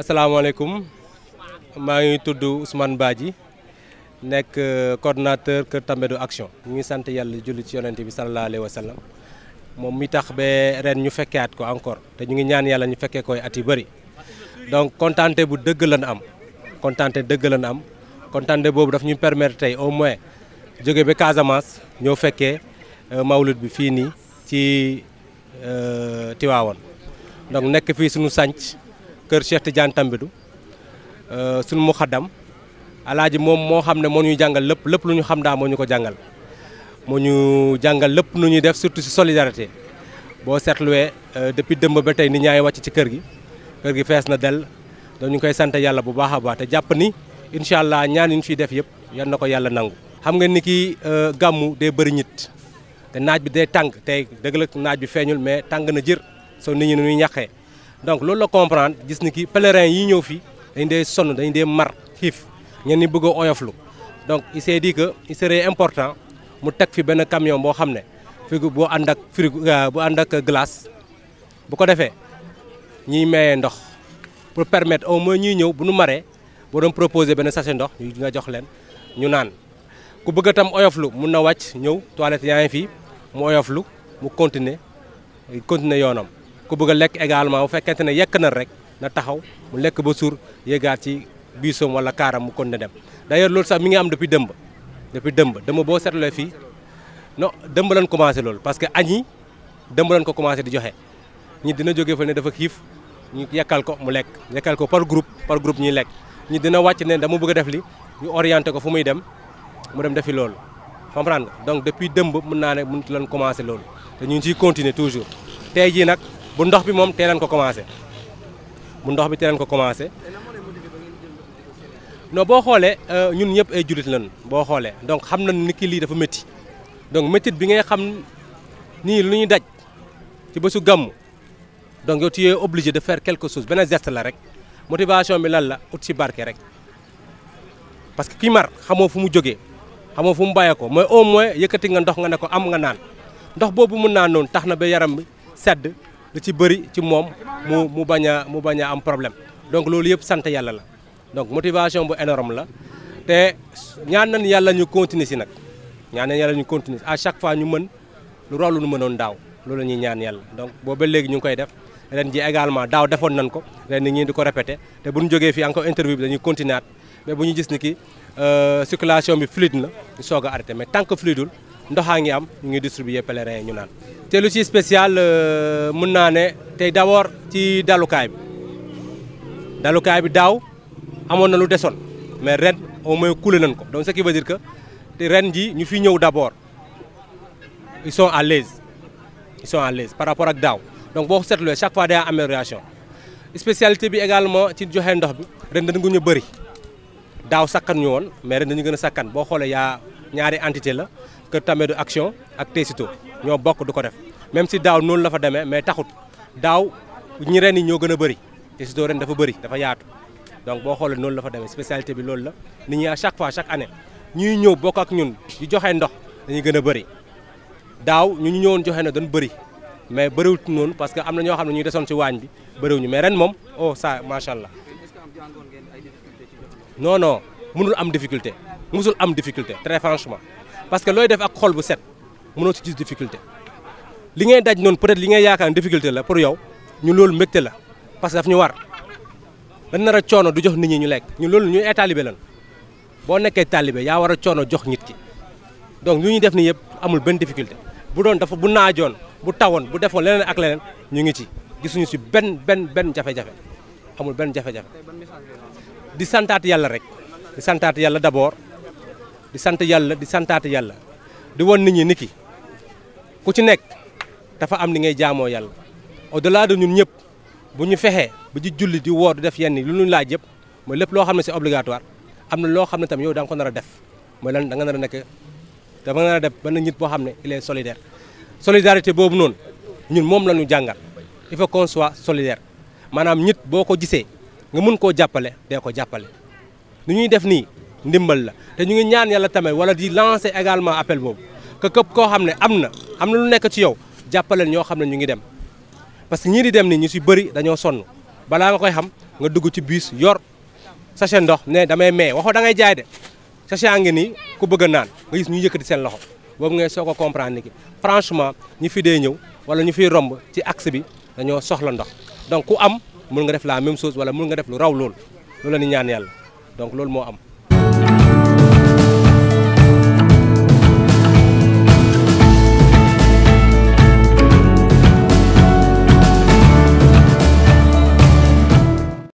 asalaamaaleykum maa ngi tudd baa ji nekk euh, coordonnateur Kër Tambédou Action. ñu ngi sant yàlla julli ci yonent bi sallallahu alayhi wa moom mi tax ba ren ñu at ko encore te ñu ngi ñaan yàlla ñu fekkee koy at yu bëri donc kontante bu dëgg lan am kontante dëgg lan am kontante boobu daf ñu permettre tey au moins jóge bi Casamance ñoo fekkee euh, mawlud bi fii nii ci euh, Tiwaawoon donc nekk fii suñu sànc kër Cheikh Tidiane Tambidou euh, suñu mu xaddam alaaji moom moo xam ne moo ñuy jàngal lépp lépp lu ñu xam daa moo ñu ko jàngal moo ñu jàngal lépp nu ñuy def surtout si solidarité boo seetluwee euh, depuis dëmb ba tey ni ñaay wàcc ci kër gi kër gi fees na dell dañu koy sant yàlla bu baax a baax te jàpp ni incha allah ñaan yi ñu fiy def yëpp yal na ko yàlla nangu. xam nga ni ki euh, gàmmu day bëri ñit te naaj bi day tàng tey dëgg la naaj bi feeñul mais tàng na jër soo nit ñi ñuy ñaqee donc loolu la comprendre gis ni ki pèlerin yi ñëw fii dañ dee sonn dañ dee mar xiif ñenn ñi bëgg a oyoflu donc il s'est dit que il serait important mu teg fi benn camion boo xam ne frigo bu ànd ak frigo euh, bu ànd ak glace bu ko defee ñiy mayee ndox pour permettre au moins ñuy ñëw bu nu maree boo doon proposer benn sachet ndox ñu nga jox leen ñu naan ku bëgg tam oyoflu mun na wàcc ñëw toilette yaa ngi fii mu oyoflu mu continuer continuer yoonam ku bëgg a lekk également bu fekkente ne yekk na rek na taxaw mu lekk ba suur yéegaat ci biisoom wala kaaram mu kon ne dem d'ailleurs loolu sax mi ngi am depuis dëmb depuis dëmb dëmb boo seetlee fii non dëmb lañ commencé loolu parce que añ yi dëmb lañ ko commencé di joxe ñi dina jógee fa ne dafa xiif ñu yekkal ko mu lekk yekkal ko par groupe par groupe ñuy lekk ñi dina wàcc ne dama bëgg def li ñu orienté ko fu muy dem mu dem defi loolu comprendre nga donc depuis dëmb mën naa ne mënut lañ commencé loolu te ñu ngi ciy toujours tey jii nag bu ndox bi moom teeleen ko commencé bu ndox bi teeleen ko commencé non boo xoolee euh, ñun ñëpp ay jullit lañ boo xoolee donc xam na ni ki lii dafa métti donc métit bi ngay xam nii lu ñuy daj ci bésu gàmm donc yow tu es obligé de faire quelque chose benn geste la rek motivation bi lan la ut si barke rek parce que kii mar xamoo fu mu jógee xamoo fu mu bàyyee ko mooy au moins yëkkati nga ndox nga ne ko am nga naan ndox boobu mun naa noonu tax na ba yaram bi sedd lu ci bëri ci moom mu mu bañ a mu bañ am problème donc loolu yëpp sant yàlla la donc motivation bu énorme la te ñaan nan yàlla ñu continuer si nag ñaan nañ yàlla ñu continuer à chaque fois ñu mën lu raw nu mënoon daaw loolu la ñuy ñaan yàlla donc boobu ba léegi ñu ngi koy def ren ji également daaw defoon nañ ko ren ni ngi di ko répété te bu ñu jógee fii encore interview bi dañuy continuer mais bu ñu gis ni ki euh, circulation bi fluide na ñu soog arte arrêté mais tant que fluideul ndoxaa ngi am ñu ngi distribuer pèlerins yi ñu naan. te lu ci spécial euh, mën naa ne tey d'abord ci dalukaay bi dalukaay bi daaw amoon na lu desoon mais ren au moins coulé nañ ko donc ce qui veut dire que ren ji ñu fi ñëw d'abord il sont à l'aise ils sont à l'aise par rapport ak daaw donc boo seetloo chaque fois day am amélioration spécialité bi également ci joxe ndox bi ren dañu gën a bëri daaw sakkan ñu woon mais ren dañu gën a sakkan boo xoolee yaa ñaari entité la. Kër Tamedu action ak Tessito ñoo bokk du ko def même si daaw noonu la fa demee mais taxut daaw ñi ren ñoo gën a bëri Tessito ren dafa bëri dafa yaatu donc boo xoolee noonu la fa demee spécialité bi loolu la nit ñi à chaque fois chaque année ñuy ñëw bokk ak ñun di joxe ndox dañuy gën a bëri daaw ñu ñu ñëwoon joxe na doon bëri mais bëriwul noonu parce que am na ñoo xam ne ñuy desoon ci waañ bi bëriwuñu mais ren moom oh ça macha allah non non mënul am difficulté musul am difficulté très franchement. parce que looy def ak xol bu set mënoo si gis difficulté li ngay daj noon peut-être li ngay yaakaar difficulté la pour yow ñu loolu mbégte la parce que daf ñu war dañ nar a coono du jox nit ñi ñu lekk ñu loolu ñu ay taalibe lan boo nekkee taalibe yaa war a coono jox nit ki donc ñu ñuy def ni yëpp amul benn difficulté bu doon dafa bu naajoon bu tawoon bu defoon leneen ak leneen ñu ngi ci gisuñu si benn benn benn jafe-jafe amul benn jafe-jafe di santaat yàlla rek di santaat yàlla d'abord di sant yàlla di santaate yàlla di won nit ñi ni ki ku ci nekk dafa am ni ngay jaamoo yàlla au delà de ñun ñëpp bu ñu fexee bu ci julli di woor di def yenn lu ñu laaj yëpp mooy lépp loo xam ne c'est obligatoire am na loo xam ne tamit yow da nga nar a def mooy lan da nar a nekk da nga nar a def ba na nit boo xam ne il est solidaire solidarité boobu noonu ñun moom la ñu jàngal il faut qu'on soit solidaire maanaam nit boo ko gisee nga mun koo jàppale dee ko jàppale ni ñuy def ndimbal la te ñu ngi ñaan yàlla tamit wala di lancer également appel boobu que képp koo xam ne am na am na lu nekk ci yow jàppaleel ñoo xam ne ñu ngi dem parce que ñii di dem ni ñu si bëri dañoo sonn balaa nga koy xam nga dugg ci bus yor sachet ndox ne damay maye waxoo da ngay jaay de sachet a ngi nii ku bëgg a naan nga gis ñu yëkkati seen loxo boobu ngay soo ko comprendre ni franchement ñi fi dee ñëw wala ñu fiy romb ci axe bi dañoo soxla ndox donc ku am mun nga def la même chose wala mun nga def lu raw loolu loolu ni ñaan yàlla donc loolu moo am